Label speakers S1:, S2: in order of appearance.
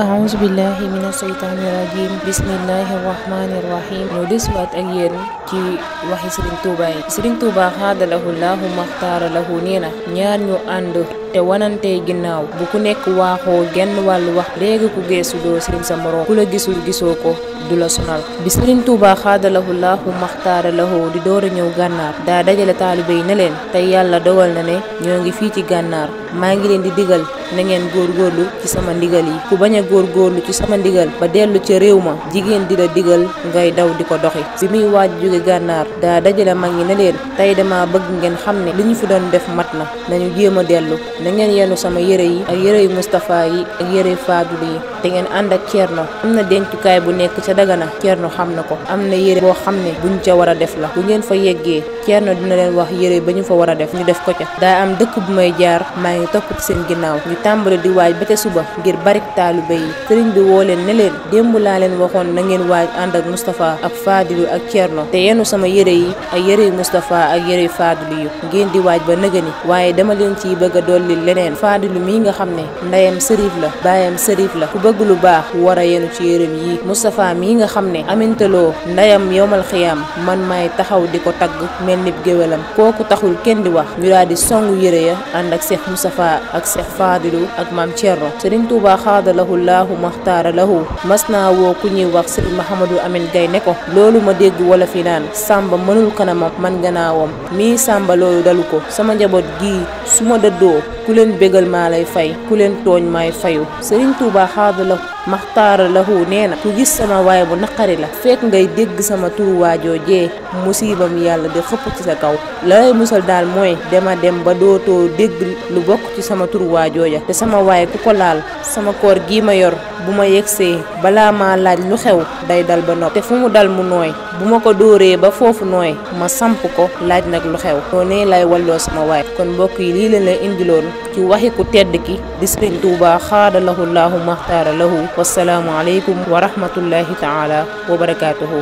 S1: أعوذ بالله seytaani rajim bismillahi rahmaani rahim ñoo desuwaat ak yéen ci waxi sëriñ Touba yi sëriñ Touba xaadalahu laahu maxtaara lahu nee na ñaar ñu ànd te wanantey ginnaaw bu ku nekk waaxoo genn wàllu wax léegi ku geesu doo sëriñ sa moroom ku la gisul gisoo ko du la sonal bi sëriñ Touba xaadalahu laahu maxtaara lahu di door ñëw gànnaar daa dajale taalibe yi ne leen tey yàlla dogal na ne ñoo ngi fii ci gànnaar maa ngi leen di digal na ngeen góorlu ci sama ndigal yi ku bañ a góor góorgóorlu ci sama ndigal ba dellu ca réew ma jigéen di la digal ngay daw di ko doxi bi muy waaj jóge gànnaar daa dajale mag ñi ne leen tey dama bëgg ngeen xam ne li ñu fi doon def mat na nañu jéem a dellu na ngeen yenu sama yére yi ak yére yu Moustapha yi ak yëre Fadulu yi te ngeen ànd ak Thierno am na dencukaay bu nekk ca Dagana Thierno xam na ko am na yëre boo xam ne bu ñu ca war a def la bu ngeen fa yeggee Thierno dina leen wax yëre ba ñu fa war a def ñu def ko ca daa dëkk bu may jaar maa ngi topp ginnaaw tàmbali di waaj ba te suba ngir barik taalibe yi sëriñ bi woo leen ne leen démb laa leen waxoon na ngeen waaj ànd ak Moustapha ak Fadilu ak Thierno te yenu sama yére yi ak yëre yu Moustapha ak yëre yu Fadilu yu ngeen di waaj ba nëgëni waaye dama leen ciy bëgg a dolli leneen Fadilu mii nga xam ne ndeyam sërif la baayam sërif la ku bëgg lu baax war a yenu ci yére yii Moustapha mi nga xam ne amintaloo ndeyam yowmal xiyaam man may taxaw di ko tagg mel ni géwélam kooku taxul kenn di wax ñu daal yére songu yëre ya ànd ak Cheikh Moustapha ak Cheikh Falilu ak maam Thierno Serigne Touba xaadalahu laahu maxtaara lahu mas naa woo ku ñuy wax Serigne Mahamadou Amine ne ko loolu ma dégg wala fi naan sàmba mënul kanamam man gannaawam mii sàmba loolu dalu ko sama njaboot gii su ma dëddoo ku leen bégal maa lay fay ku leen tooñ maay fayu Serigne Touba xaadalahu maxtaara lahu nee na ku gis sama waay bu naqari la fekk ngay dégg sama turu waajoo jee musiibam yàlla di xëpp ci sa kaw la musal daal mooy dema ba dootoo dégg te sama waay ku ko laal sama koor gi ma yor bu ma yegsee balaa ma laaj lu xew day dal ba nopp te fu mu dal mu nooy bu ma ko dóoree ba foofu nooy ma samp ko laaj nag lu xew noonee lay walloo sama waay kon mbokk yi lii leen la indiloon ci waxi ku tedd ki di Sëriñ Tuubaa xaada lahu laahu maxtaara lahu wasalaamu aleykum wa rahmatullahi taala wa barakaatuhu